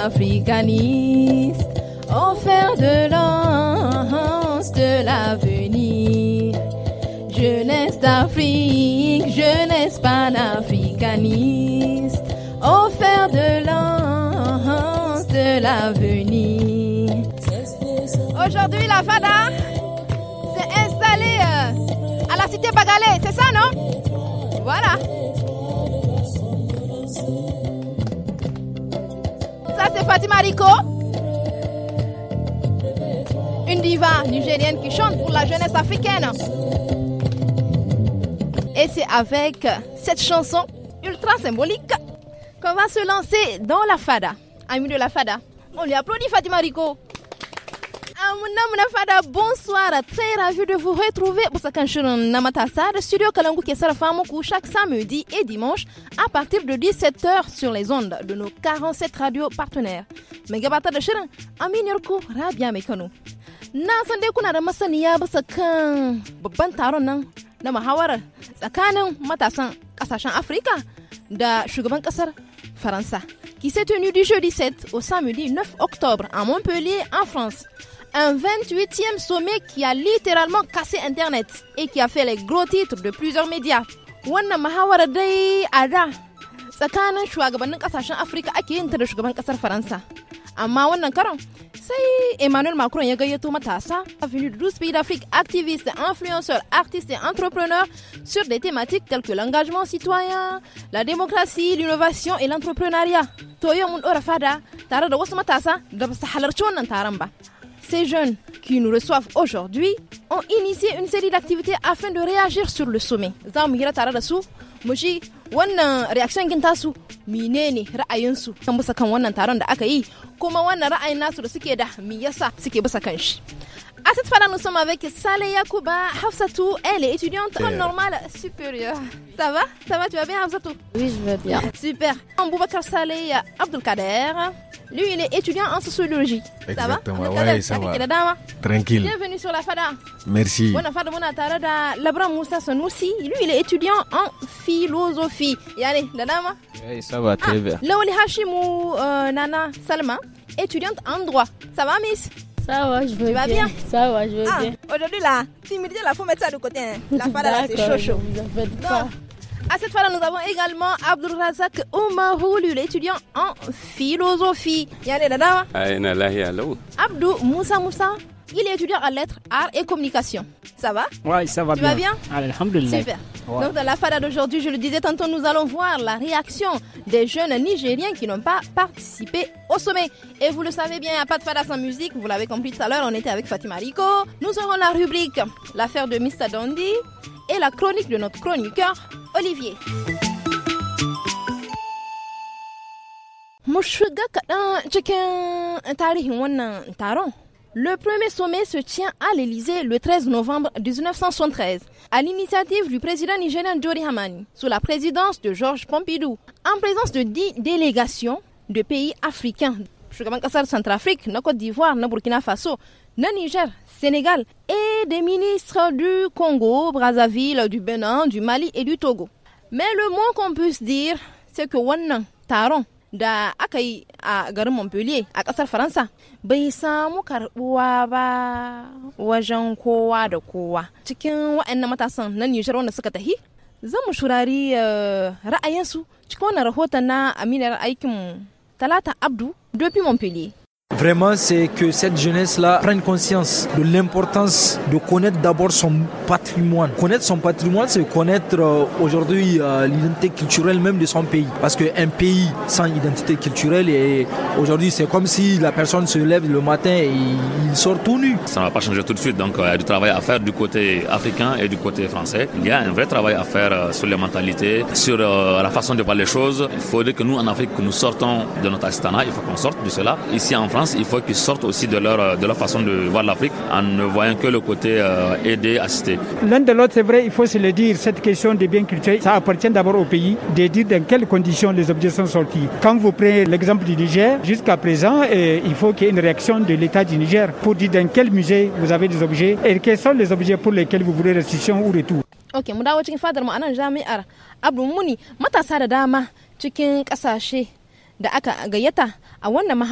panafricaniste, offert de l'enfance de l'avenir. Jeunesse d'Afrique, jeunesse panafricaniste, offert de l'enfance de l'avenir. Aujourd'hui, la FADA s'est installée euh, à la cité Bagalé, c'est ça, non? Voilà. Fatima Rico, une diva nigérienne qui chante pour la jeunesse africaine. Et c'est avec cette chanson ultra symbolique qu'on va se lancer dans la fada. Amis de la fada, on lui applaudit Fatima Rico namna bonsoir très ravi de vous retrouver pour ce shirin na matasa da studio kalangu ke sarrafa muku chaque samedi et dimanche à partir de 17h sur les ondes de nos 47 radios partenaires Megabata gabatar da shirin aminiyar ku rabia mai kano na san dai kuna da masaniya bisa kan babban taron nan na tsakanin matasan kasashen afirka da shugaban kasar faransa qui s'est tenu du jeudi 7 au samedi 9 octobre à Montpellier en France un 28e sommet qui a littéralement cassé Internet et qui a fait les gros titres de plusieurs médias. Wannan muhawarar dai a tsakanin shugabannin kasashen Afirka ake yin ta da shugaban kasar Faransa. Amma wannan karon sai Emmanuel Macron ya gayyato matasa venus de 12 pays d'Afrique, activistes, influenceurs, artistes et entrepreneurs sur des thématiques telles que l'engagement citoyen, la démocratie, l'innovation et l'entrepreneuriat. To yau mun fada tare da wasu matasa da ba su wannan ces jeunes qui nous reçoivent aujourd'hui ont initié une série d'activités afin de réagir sur le sommet. Zamira hira tare da su, mu Mineni, wannan reaction kin tasu menene ra'ayinsu kan bisa kan wannan taron da aka yi kuma wannan ra'ayin da suke da à cette fois-là, nous sommes avec Saleh Yakouba Hafsatou. Elle est étudiante en normale supérieure. Ça va Ça va Tu vas bien, Hafsatou Oui, je vais bien. Super. Mboubakar Saleh Abdelkader. Lui, il est étudiant en sociologie. Exactement. Ça va ouais, ça va. Tranquille. Bienvenue sur la FADA. Merci. Bonne FADA, bonne tarada. Labra Moussa Sonoussi. Lui, il est étudiant en philosophie. Et allez, la Oui, ça va, très ah, bien. Laoli Hashimou euh, Nana Salma, étudiante en droit. Ça va, Miss ça va, je veux bien. Tu vas bien, Ça va, je veux ah, bien. Aujourd'hui, là, timidité, la faut mettre ça de côté. Hein. La fada, là, c'est chaud, chaud. Vous en faites pas. À cette fois-là, nous avons également Abdul Razak Oumaroulou, l'étudiant en philosophie. Yale Dadawa. Abdou Moussa Moussa, il est étudiant en lettres, arts et communication. Ça va Oui, ça va bien. Tu vas bien Alhamdulillah. Super. Donc, dans la FADA d'aujourd'hui, je le disais tantôt, nous allons voir la réaction des jeunes Nigériens qui n'ont pas participé au sommet. Et vous le savez bien, il n'y a pas de FADA sans musique. Vous l'avez compris tout à l'heure, on était avec Fatima Rico. Nous aurons la rubrique L'affaire de Mr. Dondi » et la chronique de notre chroniqueur, Olivier. Le premier sommet se tient à l'Elysée le 13 novembre 1973, à l'initiative du président nigérien Jori Hamani, sous la présidence de Georges Pompidou, en présence de dix délégations de pays africains, Centrafrique, Côte d'Ivoire, Burkina Faso, Niger, Sénégal, et des ministres du Congo, Brazzaville, du Bénin, du Mali et du Togo. Mais le mot qu'on puisse dire, c'est que Wannan, Taron, da aka yi a garin Montpellier a ƙasar Faransa bai samu karɓuwa ba wajen kowa da kowa. Cikin waɗannan matasan na Nijar wanda suka tahi, zan mu shurari eh, ra'ayinsu cikin wannan rahoton na aminar aikin Talata Abdu, Dofi Montpellier. Vraiment, c'est que cette jeunesse-là prenne conscience de l'importance de connaître d'abord son patrimoine. Connaître son patrimoine, c'est connaître euh, aujourd'hui euh, l'identité culturelle même de son pays. Parce qu'un pays sans identité culturelle, et aujourd'hui, c'est comme si la personne se lève le matin et il sort tout nu. Ça ne va pas changer tout de suite. Donc, euh, il y a du travail à faire du côté africain et du côté français. Il y a un vrai travail à faire sur les mentalités, sur la façon de voir les choses. Il faudrait que nous, en Afrique, que nous sortons de notre astana. Il faut qu'on sorte de cela. Ici, en France, il faut qu'ils sortent aussi de leur, euh, de façon de voir l'Afrique en ne voyant que le côté euh, aidé, à L'un de l'autre, c'est vrai, il faut se le dire, cette question des biens culturels, ça appartient d'abord au pays de dire dans quelles conditions les objets sont sortis. Quand vous prenez l'exemple du Niger, jusqu'à présent, eh, il faut qu'il y ait une réaction de l'État du Niger pour dire dans quel musée vous avez des objets et quels sont les objets pour lesquels vous voulez restitution ou retour. Ok, da aka a wannan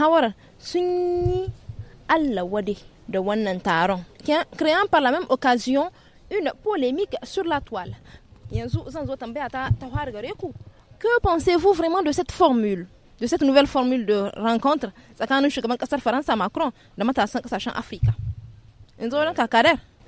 créant par la même occasion une polémique sur la toile que pensez-vous vraiment de cette formule de cette nouvelle formule de rencontre kasar macron da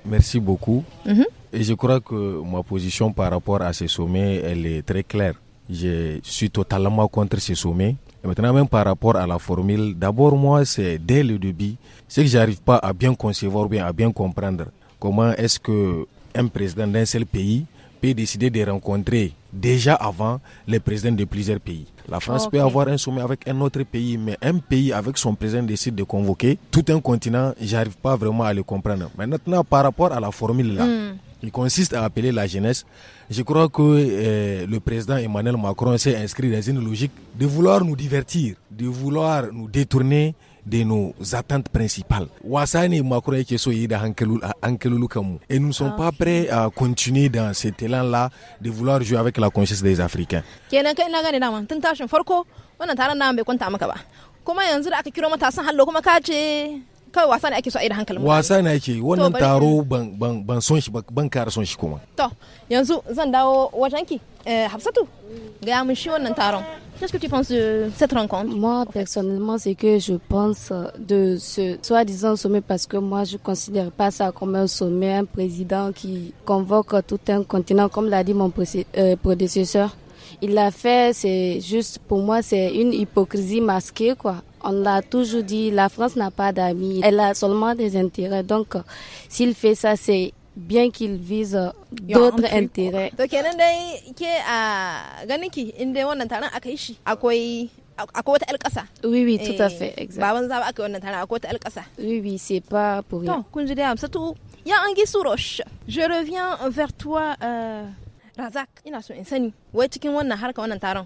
Merci beaucoup. Mhm. Et je crois que ma position par rapport à ces sommets, elle est très claire. Je suis totalement contre ces sommets. Et maintenant, même par rapport à la formule, d'abord, moi, c'est dès le début, c'est que j'arrive pas à bien concevoir ou bien à bien comprendre comment est-ce que un président d'un seul pays peut décider de rencontrer déjà avant les présidents de plusieurs pays. La France peut avoir un sommet avec un autre pays, mais un pays avec son président décide de convoquer tout un continent, j'arrive pas vraiment à le comprendre. maintenant, par rapport à la formule là, hmm. Il consiste à appeler la jeunesse. Je crois que euh, le président Emmanuel Macron s'est inscrit dans une logique de vouloir nous divertir, de vouloir nous détourner de nos attentes principales. Et nous ne sommes pas ah, prêts à continuer dans cet élan-là de vouloir jouer avec la conscience des Africains ban ban to yanzu eh, Hafsatu Qu'est-ce que tu penses de cette rencontre Moi, personnellement, c'est que je pense de ce soi-disant sommet parce que moi, je ne considère pas ça comme un sommet, un président qui convoque tout un continent, comme l'a dit mon euh, prédécesseur. Il l'a fait, c'est juste, pour moi, c'est une hypocrisie masquée, quoi. On l'a toujours dit, la France n'a pas d'amis, elle a seulement des intérêts. Donc, s'il fait ça, c'est bien qu'il vise d'autres intérêts. Donc, il y a ganin qui inda wannan taron aka yi shi akwai akwai Oui, oui, tout à eh, fait, exact. Baban zaba aka yi wannan taron akwai wata 'yar Oui, oui, c'est pas pour rien. To, kun Il y a un an gisu Roche. Je reviens vers toi, euh, Razak, ina so in sani, wai cikin wannan harka wannan taron,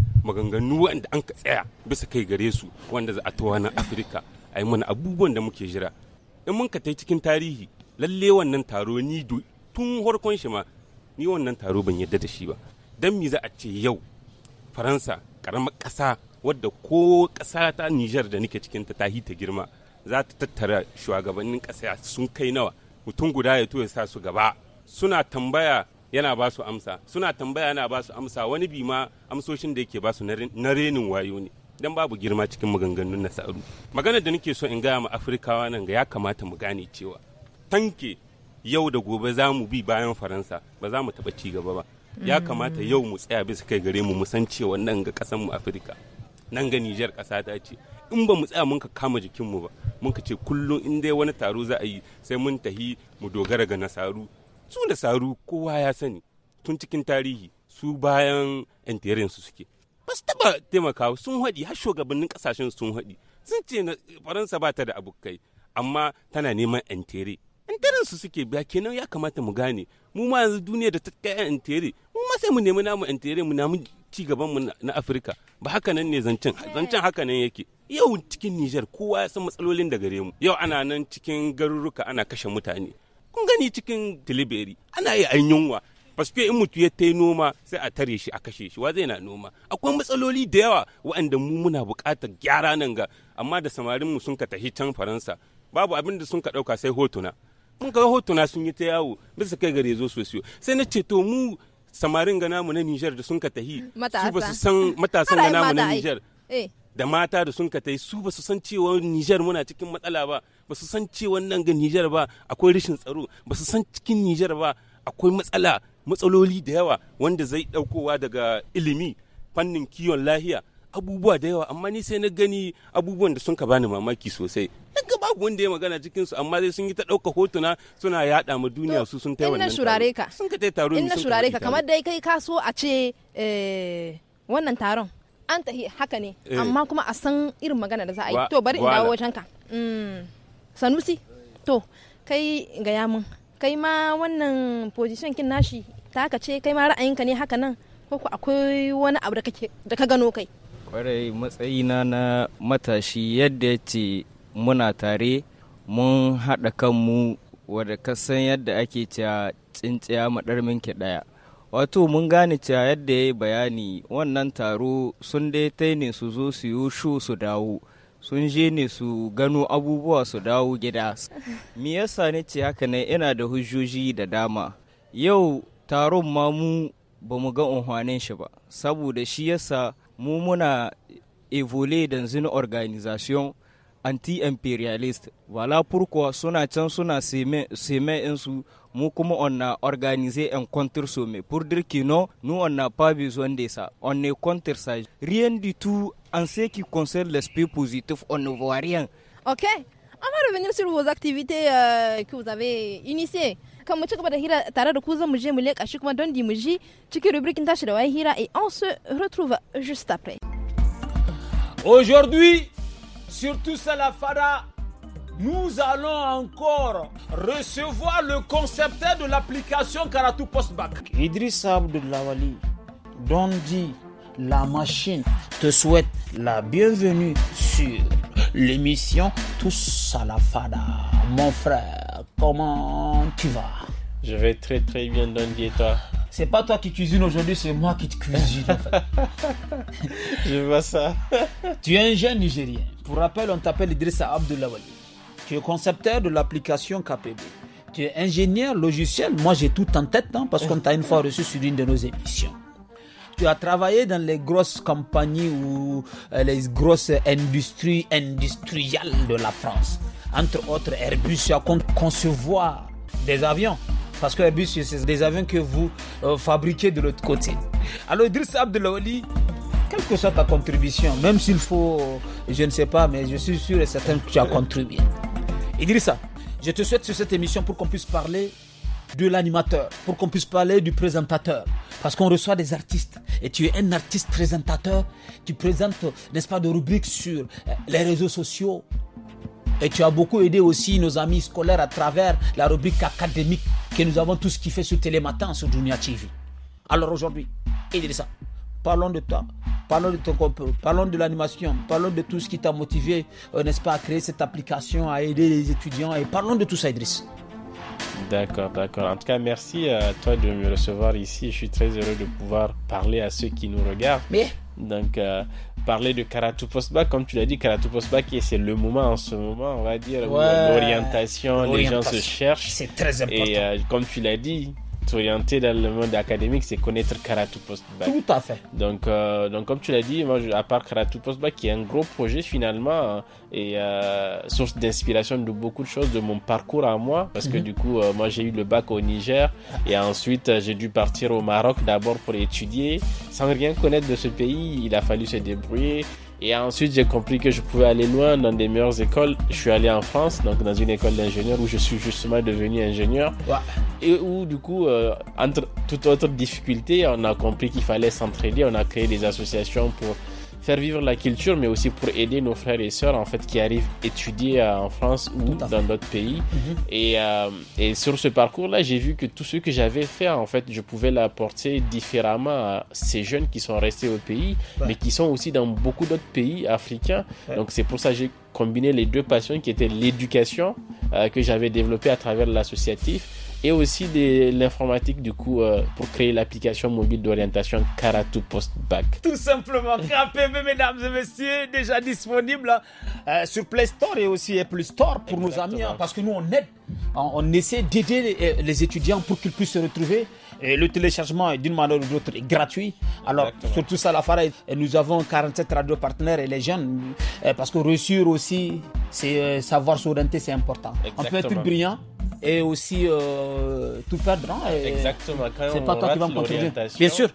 maganganu wanda an ka tsaya bisa kai gare su wanda za a tawa na afirka a yi mana abubuwan da muke jira in mun ka tai cikin tarihi lalle wannan taro ni tun harkon shi ma ni wannan taro ban yadda da shi ba dan mi za a ce yau faransa karamar ƙasa wadda ko ƙasa ta nijar da nike cikin ta tahi ta girma za ta tattara shugabannin ƙasa sun kai nawa mutum guda ya to ya sa su gaba suna tambaya yana ba su amsa suna tambaya yana ba su amsa wani bi ma amsoshin da yake ba su na renin wayo ne dan babu girma cikin maganganun na maganar da nake so in gaya ma afirkawa nan ga ya kamata mu gane cewa tanke yau da gobe za mu bi bayan faransa ba za mu taɓa cigaba ba ya mm. kamata yau mu tsaya bisa kai gare mu san cewa nan ga ƙasar mu afirka nan ga nijar ƙasa ta ce in ba mu tsaya mun ka kama jikinmu ba mun ka ce kullum in dai wani taro za a yi sai mun tahi mu dogara ga nasaru su da saru kowa ya sani tun cikin tarihi su bayan yan su suke ba su taba taimakawa sun haɗi har shugabannin kasashen sun haɗi sun ce faransa ba ta da abokai amma tana neman yantere yantiyarin su suke biya kenan ya kamata mu gane mu ma yanzu duniya da ta kai tere mu ma sai mu nemi namu tere mu namu ci gaban mu na afirka ba haka nan ne zancen zancen haka nan yake yau cikin Nijar kowa ya san matsalolin da gare mu yau ana nan cikin garuruka ana kashe mutane kun gani cikin tilibiri ana yi an yunwa paske in mutu ya ta noma sai a tare shi a kashe shi wa zai na noma akwai matsaloli da yawa waɗanda mu muna buƙatar gyara nan ga amma da samarin mu sun ka tafi can faransa babu abin da sun ka ɗauka sai hotuna mun ga hotuna sun yi ta yawo bisa kai gare zo sosiyo sai na ceto mu samarin ga namu na Nijar da sun ka tahi su ba su san matasan ga namu na Nijar eh. da mata da sun ka tahi su ba su san cewa Nijar muna cikin matsala ba ba su san cewa wannan ga Nijar ba akwai rashin tsaro ba su san cikin Nijar ba akwai matsala matsaloli da yawa wanda zai daukowa daga ilimi fannin kiwon lahiya abubuwa da yawa amma ni sai na gani abubuwan da sun ka bani mamaki sosai daga babu wanda ya magana cikin su amma sun yi ta dauka hotuna suna yaɗa ma duniya su sun taiwa wannan shurare ka sun ka taya taro in na shurare ka kamar dai kai ka so a ce eh, wannan taron an tahi haka ne eh. amma kuma a san irin magana da za a yi to bari in dawo wajen ka mm. sanusi to kai gaya mun kai ma wannan position kin nashi ta ka ce kai ma ra'ayinka ne haka nan ko akwai wani abu da ka gano kai kwarai matsayina na matashi yadda ya ce muna tare mun haɗa kanmu wadda ka san yadda ake cewa tsinciya maɗarmin ki ɗaya wato mun gane cewa yadda ya yi bayani wannan taro sun dai ne su zo su yi shu su dawo sun je ne su gano abubuwa su dawo gida me yasa ne ce haka ne yana da hujjoji da dama yau taron ma mu ba mu ga unhwanin shi ba saboda shi yasa mu muna evole dans une organisation anti-impérialiste. Voilà pourquoi Sonatan Sona se met en sous. Nous, comment on a organisé un contre-sommet pour dire que non, nous, on n'a pas besoin de ça. On est contre ça. Rien du tout en ce qui concerne l'aspect positif, on ne voit rien. Ok, on va revenir sur vos activités euh, que vous avez initiées. Comme mu que gaba da hira tare da ku zan mu je mu leƙa don di mu ji cikin rubrikin tashi da waye et on se retrouve juste après. Aujourd'hui, Surtout Salafada, nous allons encore recevoir le concepteur de l'application Karatou Postback. Idriss Abdullawali, Dondi, la machine, te souhaite la bienvenue sur l'émission Tous Fada. Mon frère, comment tu vas Je vais très très bien, Dondi, et toi c'est pas toi qui cuisines aujourd'hui, c'est moi qui te cuisine. Je vois ça. tu es un jeune Nigérien rappelle rappel, on t'appelle Idrissa Abdullawali. Tu es concepteur de l'application KPB. Tu es ingénieur logiciel. Moi, j'ai tout en tête hein, parce qu'on t'a une fois reçu sur une de nos émissions. Tu as travaillé dans les grosses compagnies ou euh, les grosses industries industrielles de la France. Entre autres, Airbus, tu as concevoir des avions. Parce que Airbus, c'est des avions que vous euh, fabriquez de l'autre côté. Alors, Idriss Abdelawali, quelle que soit ta contribution, même s'il faut, je ne sais pas, mais je suis sûr et certain que tu as contribué. Idrissa, je te souhaite sur cette émission pour qu'on puisse parler de l'animateur, pour qu'on puisse parler du présentateur. Parce qu'on reçoit des artistes. Et tu es un artiste présentateur. Tu présentes, n'est-ce pas, de rubriques sur euh, les réseaux sociaux. Et tu as beaucoup aidé aussi nos amis scolaires à travers la rubrique académique que nous avons tous kiffé sur Télématin, sur Dunia TV. Alors aujourd'hui, Idrissa, Parlons de toi. Parlons de ton corps. Parlons de l'animation. Parlons de tout ce qui t'a motivé, euh, n'est-ce pas, à créer cette application, à aider les étudiants. Et parlons de tout ça, Idriss. D'accord, d'accord. En tout cas, merci à euh, toi de me recevoir ici. Je suis très heureux de pouvoir parler à ceux qui nous regardent. Mais... Donc, euh, parler de Karatu Postbac, comme tu l'as dit, Karatu Postbac, c'est le moment en ce moment, on va dire, orientation, l'orientation, les gens se cherchent. C'est très important. Et comme tu l'as dit, t'orienter dans le monde académique, c'est connaître Karatou Postbac. Tout à fait. Donc, euh, donc comme tu l'as dit, moi, à part Karatou Postbac, qui est un gros projet finalement euh, et euh, source d'inspiration de beaucoup de choses de mon parcours à moi, parce que mhm. du coup, moi, j'ai eu le bac au Niger et ensuite j'ai dû partir au Maroc d'abord pour étudier, sans rien connaître de ce pays, il a fallu se débrouiller. Et ensuite, j'ai compris que je pouvais aller loin dans des meilleures écoles. Je suis allé en France, donc dans une école d'ingénieur où je suis justement devenu ingénieur. Ouais. Et où, du coup, euh, entre toute autre difficulté, on a compris qu'il fallait s'entraider. On a créé des associations pour faire vivre la culture, mais aussi pour aider nos frères et sœurs en fait qui arrivent étudier euh, en France ou dans d'autres pays. Mhm. et, euh, et, sur ce parcours-là, j'ai vu que tout ce que j'avais fait, en fait, je pouvais l'apporter différemment à ces jeunes qui sont restés au pays, mais qui sont aussi dans beaucoup d'autres pays africains. Donc c'est pour ça que j'ai combiné les deux passions qui étaient l'éducation euh, que j'avais développée à travers l'associatif et aussi de l'informatique du coup euh, pour créer l'application mobile d'orientation Karatu Bac. Tout simplement, KPM, mesdames et messieurs, déjà disponible hein, euh, sur Play Store et aussi Apple Store pour nos amis hein, parce que nous on aide, hein, on, essaie d'aider euh, les, étudiants pour qu'ils puissent se retrouver. Et le téléchargement d'une manière ou d'autre est gratuit. Alors surtout ça la Farah, nous avons 47 radios partenaires et les jeunes parce que réussir aussi c'est savoir s'orienter c'est important. On peut être brillant et aussi euh, tout perdre. Hein, Exactement. C'est pas toi qui vas me contredire Bien sûr.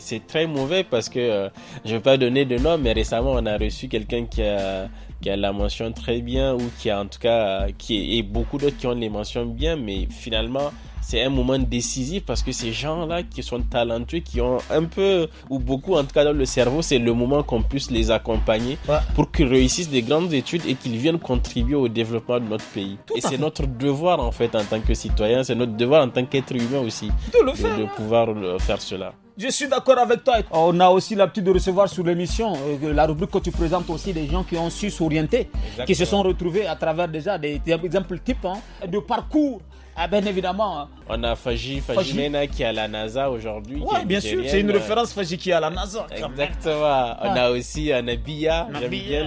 C'est très mauvais parce que euh, je ne vais pas donner de nom, mais récemment on a reçu quelqu'un qui a qui a la mention très bien ou qui en tout cas qui est, et beaucoup d'autres qui ont les mentions bien mais finalement c'est un moment décisif parce que ces gens-là qui sont talentueux, qui ont un peu ou beaucoup en tout cas dans le cerveau, c'est le moment qu'on puisse les accompagner pour qu'ils réussissent des grandes études et qu'ils viennent contribuer au développement de notre pays. et c'est notre devoir en fait en tant que citoyen, c'est notre devoir en tant qu'être humain aussi de pouvoir euh, faire cela. Je suis d'accord avec toi. Oh, on a aussi l'habitude de recevoir sur l'émission euh, la rubrique que tu présentes aussi des gens qui ont su s'orienter, qui se sont retrouvés à travers déjà des, exemples types hein, de parcours. Ah ben évidemment. Hein. On a Faji, Fajimena qui est à la NASA aujourd'hui. Oui, bien sûr, c'est une référence Faji qui est à la NASA. Exactement. On a aussi euh, Nabia,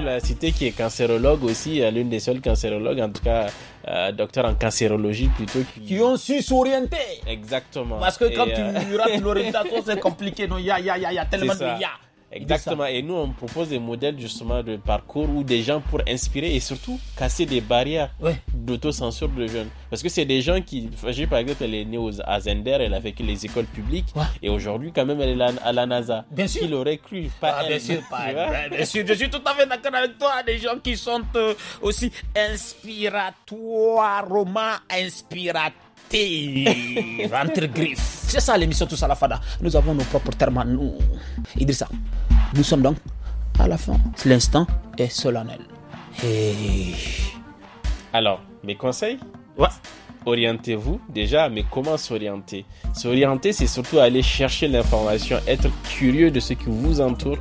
la cité qui est cancérologue aussi, euh, l'une des seules cancérologues en tout cas euh, docteur docteurs en cancérologie plutôt qui... ont su s'orienter. Exactement. Parce que quand et, tu euh, rates l'orientation, c'est compliqué. Non, il y a, y, y a, tellement de Exactement. Et nous, on propose des modèles justement de parcours ou des gens pour inspirer et surtout casser des barrières d'autocensure de jeunes. Parce que c'est des gens qui. J'ai par exemple, elle est née aux, à Zender, elle a vécu les écoles publiques et aujourd'hui, quand même, elle est à la NASA. Bien sûr. Qui l'aurait cru pas ah, elle, Bien sûr, pas Bien je suis tout à fait d'accord avec toi. Des gens qui sont euh, aussi inspiratoirement inspiratoires entre griffes. C'est ça l'émission Tous à la Fada. Nous avons nos propres termes à nous. Idrissa, nous sommes donc à la fin. L'instant est solennel. Eh. Alors, mes conseils Orientez-vous déjà, mais comment s'orienter S'orienter, c'est surtout aller chercher l'information, être curieux de ce qui vous entoure,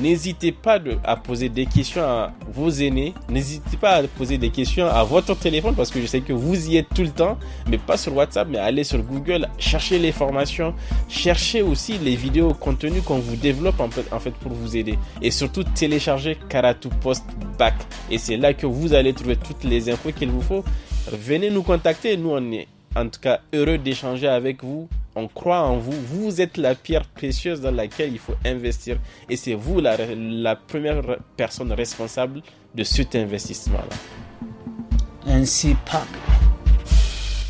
N'hésitez pas à poser des questions à vos aînés. N'hésitez pas à poser des questions à votre téléphone parce que je sais que vous y êtes tout le temps, mais pas sur WhatsApp, mais allez sur Google, cherchez les formations, cherchez aussi les vidéos contenus qu'on vous développe en fait, en fait pour vous aider. Et surtout téléchargez Karatu Post Back. Et c'est là que vous allez trouver toutes les infos qu'il vous faut. Venez nous contacter, nous on est en tout cas heureux d'échanger avec vous on croit en vous. Vous êtes la pierre précieuse dans laquelle il faut investir. Et c'est vous la, première personne responsable de cet investissement-là. Ainsi parle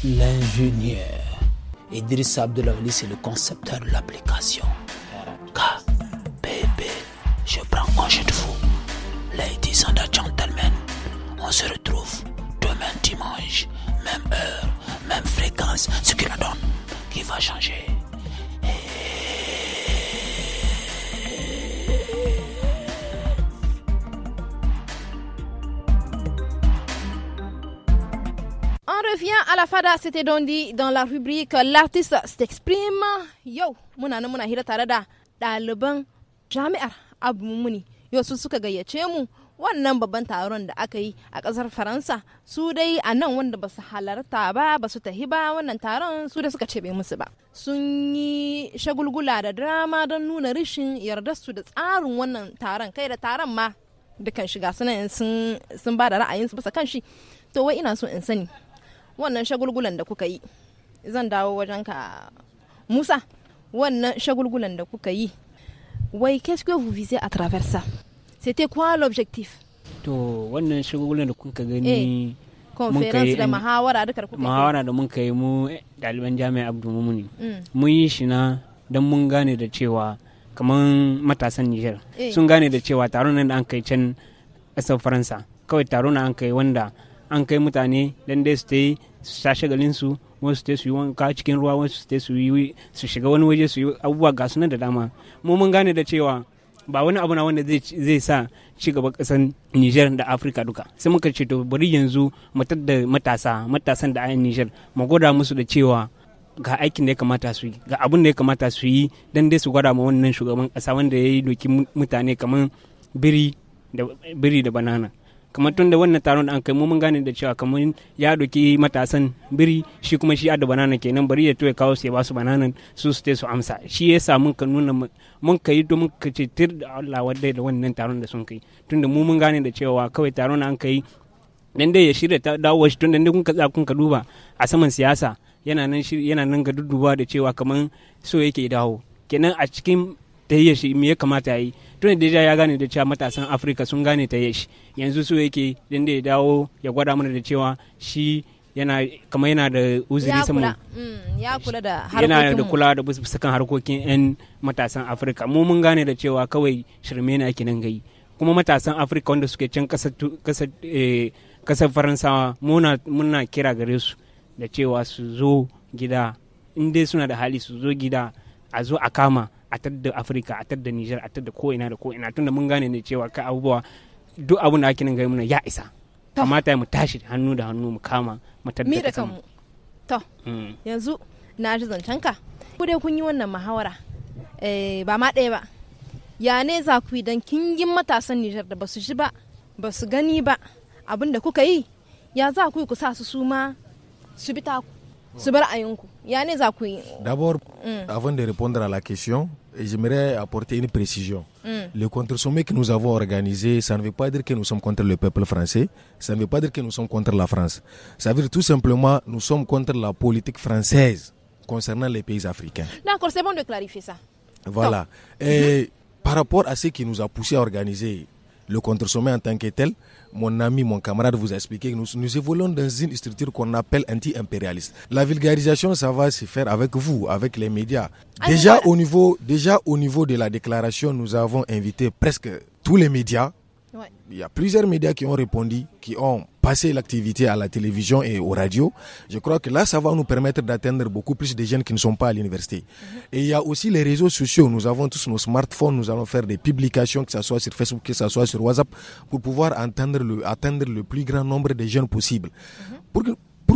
l'ingénieur. Idriss ville, c'est le concepteur de l'application. KBB, je prends congé de vous. Ladies and gentlemen, on se retrouve demain dimanche, même heure, même fréquence, ce qui la donne qui va changer. On revient à la fada, c'était Dondi dans la rubrique L'artiste s'exprime. Yo, mon na muna hira da ɗaliban jami'ar Abu Mumuni. yo su suka gayyace mu wannan babban taron da aka yi a ƙasar faransa su dai a nan wanda ba su halarta ba ba su tahi ba wannan taron su da suka ce bai musu ba sun yi shagulgula da drama don nuna rishin yarda su da tsarin wannan taron kai da taron ma dukan shiga sunan sun ba da ra'ayinsu bisa kan shi to wai ina so in sani wannan shagulgulan da kuka yi zan dawo wajen ka, musa wannan shagulgulan da kuka yi wai qu'est-ce que vous visez à C'était quoi l'objectif To wannan shagulgulan da kuka gani eh, conference da mahawara duka kuka Mahawara da mun kai mu daliban eh, jami'a Abdul Mumuni. Mm. Mun yi shi na don mun gane da cewa kaman matasan Nijar. Eh. Sun gane da cewa taron nan da an kai can ƙasar Faransa. Kawai taro na an kai wanda an kai mutane dan dai su ta yi su sha shagalinsu wasu su yi wanka cikin ruwa wasu ta su yi su shiga wani waje su yi abubuwa ga sunan da dama mu mun gane da cewa ba wani abu na wanda zai sa ci gaba kasan Niger da Afirka duka sai muka ce to bari yanzu mu da matasa matasan da ayan Niger mu gwada musu da cewa ga aikin da ya kamata su yi ga abin da ya kamata su yi dan dai su gwada ma wannan shugaban kasa wanda ya yi doki mutane kaman biri da banana kamar tun da wannan taron da an kai mu mun gane da cewa kamar ya doki matasan biri shi kuma shi da banana kenan bari ya ya kawo su ya ba su bananan su su su amsa shi ya sa mun ka nuna mun ka yi domin ka ce tir da Allah wadda da wannan taron da sun kai tun da mu mun gane da cewa kawai taron da an kai nan dai ya shirya dawo shi tun da kun ka kun ka duba a saman siyasa yana nan yana nan ga dudduba da cewa kamar so yake dawo kenan a cikin yi shi me ya kamata yi tun da ya gane da cewa matasan afirka sun gane yi shi yanzu su yake dan da ya dawo ya gwada mana da cewa shi yana kamar yana da uzuri sama mm, ya kula da yana da kula da sakan harkokin yan matasan afirka mu mun gane da cewa kawai shirme ne ake nan gai kuma matasan afirka wanda suke can kasar eh, faransawa muna kira gare su da cewa su zo gida in dai suna da hali su zo gida a zo a kama a tadda afirka a tadda Nijar a tadda ko'ina da ko'ina da mun gane ne cewa ka abubuwa duk abu da ake nan gari muna ya isa kamata mu tashi hannu da hannu mu kama mu tadda da mu to mm. yanzu na ji zancen ka ku dai kun yi wannan muhawara eh, ba ma ɗaya ba ya ne za ku yi kin yi matasan Nijar da ba su ji ba ba su gani ba abin da kuka yi ya za ku yi ku sa su suma su bi taku su bar ayinku D'abord, mm. avant de répondre à la question, j'aimerais apporter une précision. Mm. Le contre-sommet que nous avons organisé, ça ne veut pas dire que nous sommes contre le peuple français, ça ne veut pas dire que nous sommes contre la France. Ça veut dire tout simplement nous sommes contre la politique française concernant les pays africains. D'accord, c'est bon de clarifier ça. Voilà. Et par rapport à ce qui nous a poussé à organiser le contre-sommet en tant que tel, mon ami, mon camarade vous a expliqué que nous, nous évoluons dans une structure qu'on appelle anti-impérialiste. La vulgarisation, ça va se faire avec vous, avec les médias. Ah, déjà au, niveau, déjà au niveau de la déclaration, nous avons invité presque tous les médias il y a plusieurs médias qui ont répondu, qui ont passé l'activité à la télévision et aux radios. Je crois que là, ça va nous permettre d'atteindre beaucoup plus de jeunes qui ne sont pas à l'université. Mhm. Et il y a aussi les réseaux sociaux. Nous avons tous nos smartphones, nous allons faire des publications, que ce soit sur Facebook, que ce soit sur WhatsApp, pour pouvoir atteindre le, atteindre le plus grand nombre de jeunes possible. Mhm. Pour,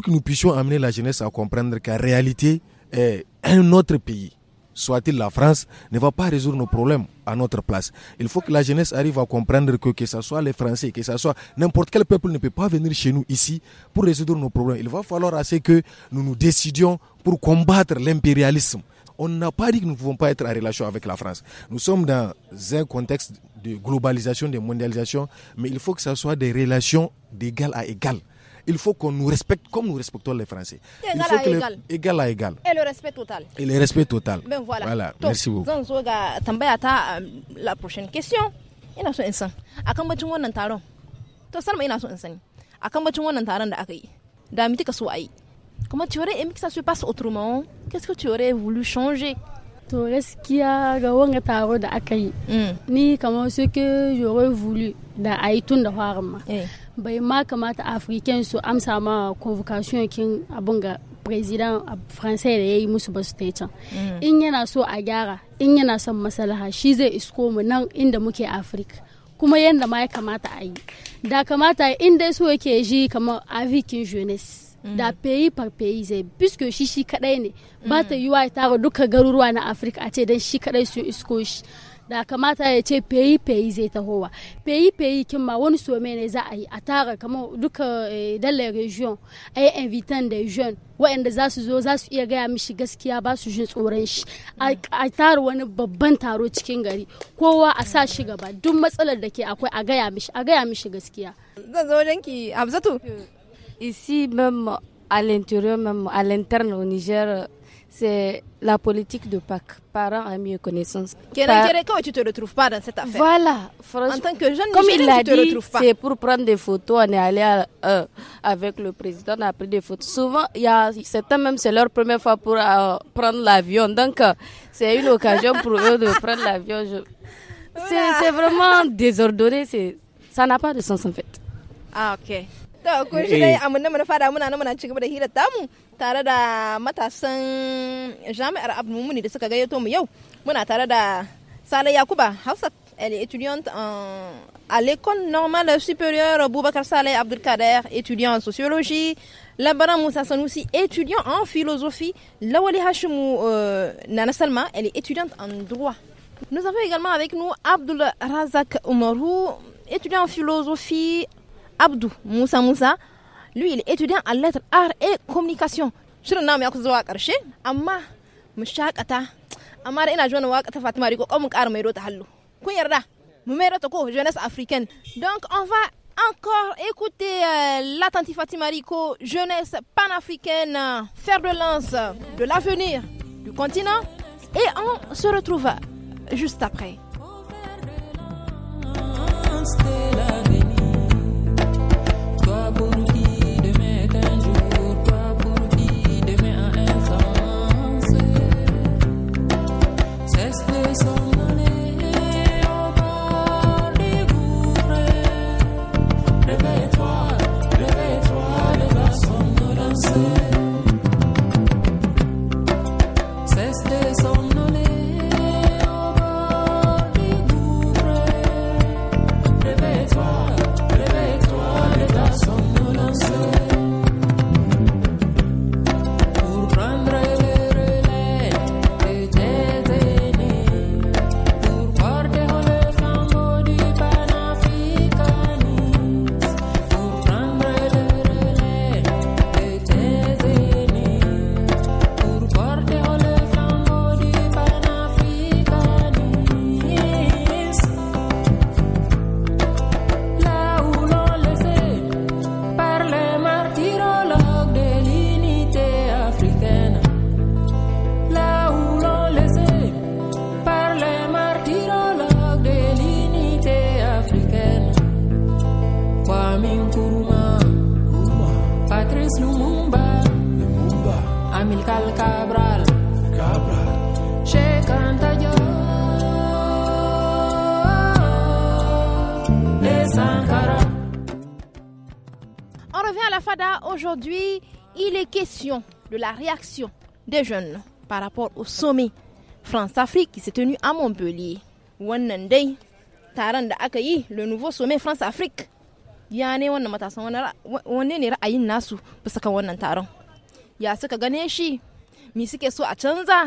que, nous puissions amener la jeunesse à comprendre qu'en réalité, est eh, un autre pays, soit-il la France, ne va pas résoudre nos problèmes à notre place. Il faut que la jeunesse arrive à comprendre que que ce soit les Français, que ce soit n'importe quel peuple ne peut pas venir chez nous ici pour résoudre nos problèmes. Il va falloir assez que nous nous décidions pour combattre l'impérialisme. On n'a pas dit que nous ne pouvons pas être en relation avec la France. Nous sommes dans un contexte de globalisation, de mondialisation, mais il faut que ce soit des relations d'égal à égal il faut qu'on nous respecte comme nous respectons les Français. Il faut que égal. égal à égal. Et le respect total. Et le respect total. Ben voilà. voilà. beaucoup. Donc, Merci beaucoup. Euh, la prochaine question. Ina so in san akan bacin wannan taron. To Salma ina so in sani akan bacin wannan taron da aka yi. Da mi kika so a yi. Comment tu aurais aimé que ça se passe autrement? Qu'est-ce que tu aurais voulu changer? To gaskiya ga wanga taro da aka yi. Hmm. Ni comment ce que j'aurais voulu Dans a yi eh. bai ma kamata afiriken su amsa ma convocation kin abun ga president faransa da ya yi musu ba su ta can mm. in yana so a gyara in yana son masalaha shi zai isko mu nan inda muke afirika kuma yadda ma ya kamata a yi da kamata inda so yake ji kamar avikin jeunesse mm. da peyi par peyi zai bisko shi shi kadai ne ba ta mm. yiwa ya tara duka garuruwa na afirika a ce dan shi kadai sun isko shi da kamata ya ce peyi peyi zai tahowa peyi peyi kin ma wani some ne za a yi a tara kamar duka eh, dalar region a yi invitan da region waɗanda za su zo za su iya gaya mishi gaskiya ba su jin tsoron shi a tara wani babban taro cikin gari kowa a sa shi gaba duk matsalar da ke akwai a gaya mishi a gaya mishi gaskiya zan zo wajenki Hamzatu ici même à l'intérieur même à l'interne au Niger c'est la politique de Pâques, parents à mieux connaissance. Par... Quand tu te retrouves pas dans cette affaire. Voilà, franchement. En tant que jeune, comme il l'a dit, c'est pour prendre des photos. On est allé euh, avec le président, on a pris des photos. Souvent, il y a certains même, c'est leur première fois pour euh, prendre l'avion. Donc, euh, c'est une occasion pour eux de prendre l'avion. C'est vraiment désordonné. Ça n'a pas de sens en fait. Ah, ok to kun eh, shi dai eh. amin ah, na fara muna nan muna ci gaba da hirar mu tare da matasan jami'ar abdulmumuni da suka gayyato mu yau muna tare da sale yakuba hausa Elle est étudiante en, uh, à l'école normale supérieure Boubacar Saleh Kader étudiant en sociologie. Labara Moussa Sanoussi, étudiant en philosophie. Lawali Hashimu euh, Nana Salma, elle est étudiante en droit. Nous avons également avec nous Abdul Razak Oumarou, étudiant en philosophie Abdou Moussa Moussa. Lui, il est étudiant en lettres, arts et communication. Je namu ya kusa zuwa amma mu shakata. Amma da ina ji wani waƙa ta Fatima Riko, ko ko jeunesse africaine. Donc on va encore écouter euh, l'attentif Fatima Rico, jeunesse panafricaine, fer de lance de l'avenir du continent. Et on se retrouve juste après. l'émotion, de la réaction des jeunes par rapport au sommet France-Afrique qui s'est tenu à Montpellier. Wannan dai taron da aka yi le nouveau sommet France-Afrique ya ne wannan matasan wannan ne ra'ayin nasu bisa kan wannan taron. Ya suka gane shi, mi suke so a canza,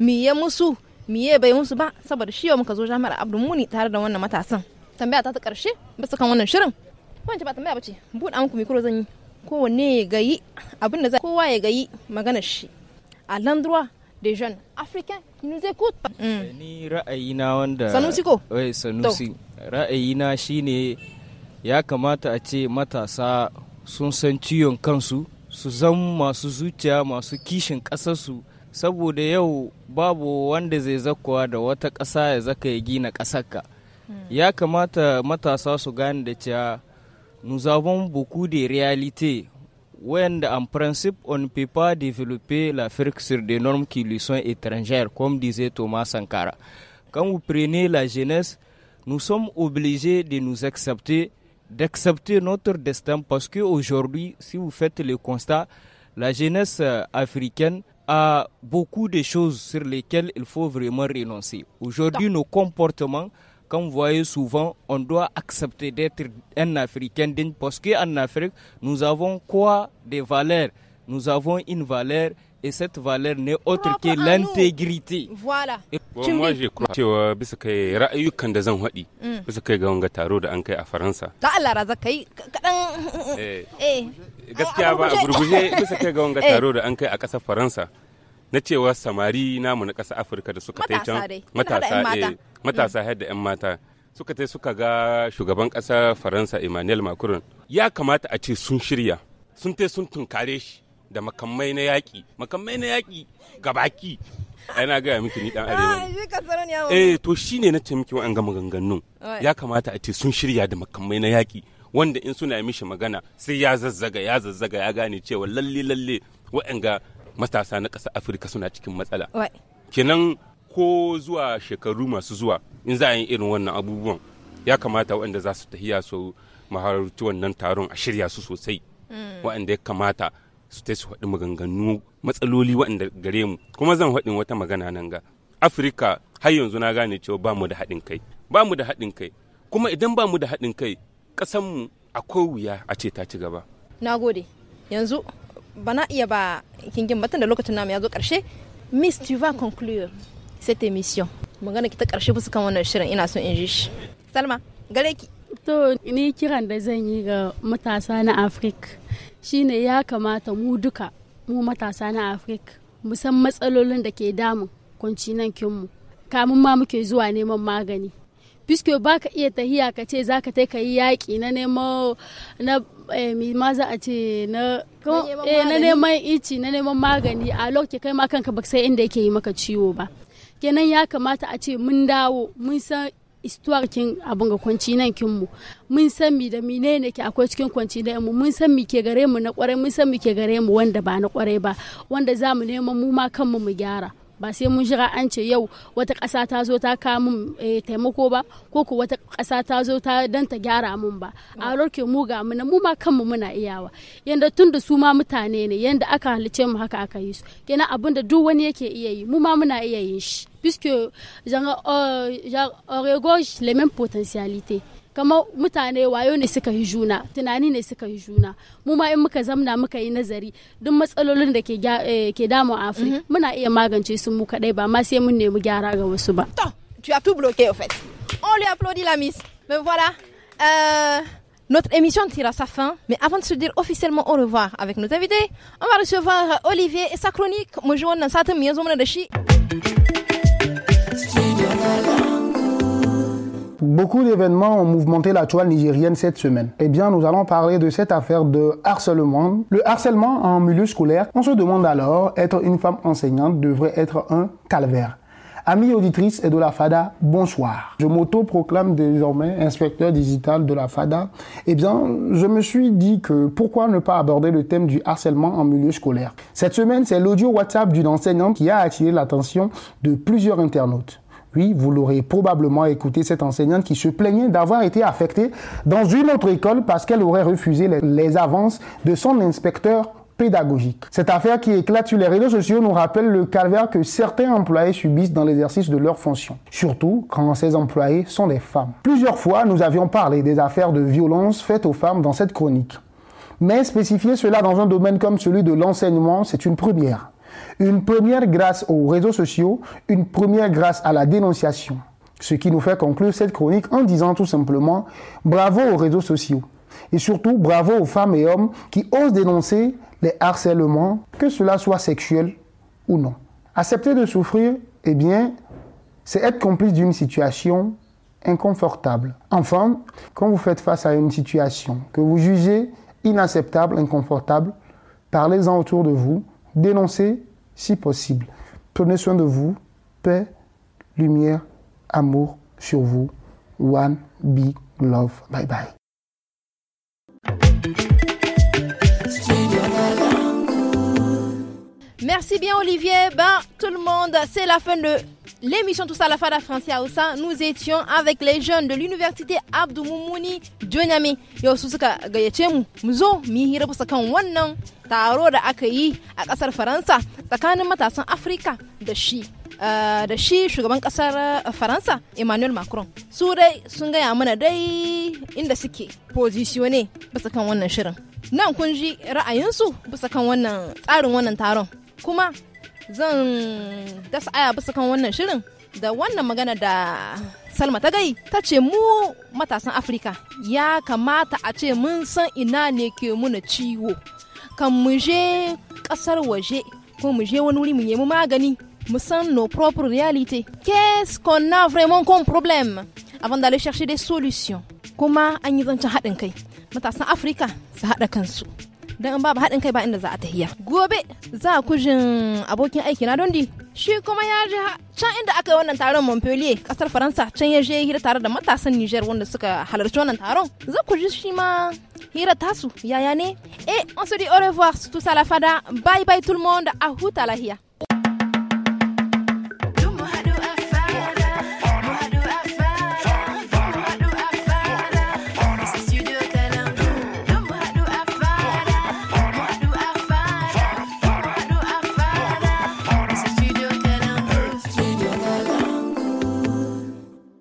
mi ya musu, mi ya bai musu ba saboda shi yau muka zo jami'ar Abdul Muni tare da wannan matasan. Tambaya ta ta karshe bisa kan wannan shirin. Wannan ba tambaya ba ce, buɗa muku mikro zan yi. kowane ya gayi abin da kowa ya gayi maganar shi a landruwa de jeune africains nous écoutent. Mm. Eh, ni na wanda Sanusi ko? Oui, eh, Sanusi. shine ya kamata a ce matasa sun san ciwon kansu, su zan masu zuciya masu kishin kasarsu saboda yau babu wanda zai zakkowa da wata ƙasa ya zaka ya gina ƙasarka. Mm. Ya kamata matasa su gane da cewa nous avons beaucoup de réalités. When, en um, principe, on ne peut pas développer l'Afrique sur des normes qui lui sont étrangères, comme disait Thomas Sankara. Quand vous prenez la jeunesse, nous sommes obligés de nous accepter, d'accepter notre destin, parce qu'aujourd'hui, si vous faites le constat, la jeunesse euh, africaine a beaucoup de choses sur lesquelles il faut vraiment renoncer. Aujourd'hui, nos comportements comme vous voyez souvent, on doit accepter d'être un Africain digne parce qu'en Afrique, nous avons quoi Des valeurs. Nous avons une valeur et cette valeur n'est autre que l'intégrité. Voilà. Bon, moi, je crois que euh, bisa kai ra'ayukan da zan haɗi mm. bisa kai taro da an kai a Faransa. Da Allah raza kai kaɗan. Eh. Eh. Gaskiya ba a gurguje bisa kai eh. taro na cewa samari namu na ƙasa afirka da suka tai can matasa matasa eh, da 'yan mata suka tai suka ga shugaban ƙasa faransa emmanuel macron ya kamata a ce sun shirya sun tai sun tunkare shi da makamai na yaƙi makamai na yaƙi gabaki ai na gaya miki ni dan arewa eh to shine na ce miki wa'an ga maganganun ya kamata a ce sun shirya da makamai na yaƙi wanda in suna mishi magana sai ya zazzaga ya zazzaga ya gane cewa lalle lalle ga. matasa na ƙasar afirka suna cikin matsala kenan ko zuwa shekaru masu zuwa in za a yi irin wannan abubuwan ya kamata waɗanda za su tahiya su mahalarci wannan taron a shirya su sosai mm. waɗanda ya kamata su ta su faɗi maganganu matsaloli waɗanda gare mu kuma zan faɗin wata magana nan ga afirka har yanzu na gane cewa ba mu da haɗin kai ba mu da haɗin kai kuma idan ba mu da haɗin kai ƙasanmu akwai wuya a ce ta ci gaba na yanzu bana iya ba kingin batun da lokacin namu ya zo karshe miss tu vas conclure cette émission magana ki ta karshe bisa kan wannan shirin ina son in ji shi salma gare ki to ni kiran da zan yi ga matasa na afirka shine ya kamata mu duka mu matasa na afirka mu san matsalolin da ke damun kunci nan kinmu kamun ma muke zuwa neman magani biske ba ka iya tahiya ka ce za ka ta ka yi yaƙi na nemo na eh, ma za a ce na eh, neman ici na neman magani a lokacin kai ma kanka baka sai inda yake yi maka ciwo ba kenan ya kamata a ce mun dawo mun san istuwar kin abin ga kwanci nan kin mu mun san mi da mine ne ke akwai cikin kwanci nan mu mun san mi ke gare mu na kwarai mun san mi ke gare mu wanda ba na kwarai ba wanda za mu neman mu ma kanmu mu gyara ba sai mun jira an ce yau wata ƙasa ta zo ta ka mun eh, taimako ba ko ku wata ƙasa ta zo ta dan ta gyara mun ba a roke mu ga mu mu ma kanmu muna iyawa yanda tunda da su ma mutane ne yanda aka halice mu haka aka yi su kenan abin da duk wani yake iya yi mu ma muna iya yin shi puisque genre, euh, le même les mêmes kama mutane wayo ne suka yi juna tunani ne suka yi juna mu ma in muka zamna muka yi nazari duk matsalolin da ke eh, ke damu a afirka mhm. muna iya magance su mu kadai ba ma sai mun nemi gyara ga wasu ba to tu as tout bloqué en fait on lui applaudit la miss mais voilà euh, Notre émission tire à sa fin, mais avant de se dire officiellement au revoir avec nos invités, on va recevoir Olivier et sa chronique. Moi, je suis Beaucoup d'événements ont mouvementé la toile nigérienne cette semaine. Eh bien, nous allons parler de cette affaire de harcèlement. Le harcèlement en milieu scolaire, on se demande alors, être une femme enseignante devrait être un calvaire. Amis auditrice et de la FADA, bonsoir. Je m'auto-proclame désormais inspecteur digital de la FADA. Eh bien, je me suis dit que pourquoi ne pas aborder le thème du harcèlement en milieu scolaire Cette semaine, c'est l'audio WhatsApp d'une enseignante qui a attiré l'attention de plusieurs internautes. Oui, vous l'aurez probablement écouté, cette enseignante qui se plaignait d'avoir été affectée dans une autre école parce qu'elle aurait refusé les, avances de son inspecteur pédagogique. Cette affaire qui éclate sur les réseaux sociaux nous rappelle le calvaire que certains employés subissent dans l'exercice de leurs fonctions, surtout quand ces employés sont des femmes. Plusieurs fois, nous avions parlé des affaires de violence faites aux femmes dans cette chronique. Mais spécifier cela dans un domaine comme celui de l'enseignement, c'est une première. Une première grâce aux réseaux sociaux, une première grâce à la dénonciation. Ce qui nous fait conclure cette chronique en disant tout simplement bravo aux réseaux sociaux. Et surtout, bravo aux femmes et hommes qui osent dénoncer les harcèlements, que cela soit sexuel ou non. Accepter de souffrir, eh bien, c'est être complice d'une situation inconfortable. Enfin, quand vous faites face à une situation que vous jugez inacceptable, inconfortable, parlez-en autour de vous, Dénoncer, si possible. Prenez soin de vous. Paix, lumière, amour sur vous. One big love. Bye bye. Merci bien Olivier. Ben tout le monde, c'est la fin de l'émission Tout ça la Fada Français à nous étions avec les jeunes de l'université Abdou Moumouni Dioname. Yau su suka gayyace mu, mu zo mu yi hira bisa kan wannan taro da aka yi a kasar Faransa tsakanin matasan Afirka da shi. da shi shugaban kasar faransa emmanuel macron su dai sun gaya mana dai inda suke positione bisa kan wannan shirin nan kun ji ra'ayinsu bisa kan wannan tsarin wannan taron kuma zan dasa aya bisa kan wannan shirin da wannan magana da salma ta gai ta ce mu matasan afirka ya kamata a ce mun san ina ne ke muna ciwo kan mu je kasar waje ko mu je wani wuri mu nemi magani mu san no proper reality qu'est-ce qu'on a vraiment comme problème avant d'aller chercher des solutions kuma an yi zancen haɗin kai matasan afirka su haɗa kansu don in babu haɗin kai ba inda za a tahiya gobe za ku jin abokin aiki na dondi shi kuma ya je can inda aka yi wannan taron Montpellier ƙasar Faransa can ya je hira tare da matasan Niger wanda suka halarci wannan taron za ku ji shi ma hira tasu yaya ne eh on se dit au revoir tout ça la fada bye bye tout le monde a huta lahiya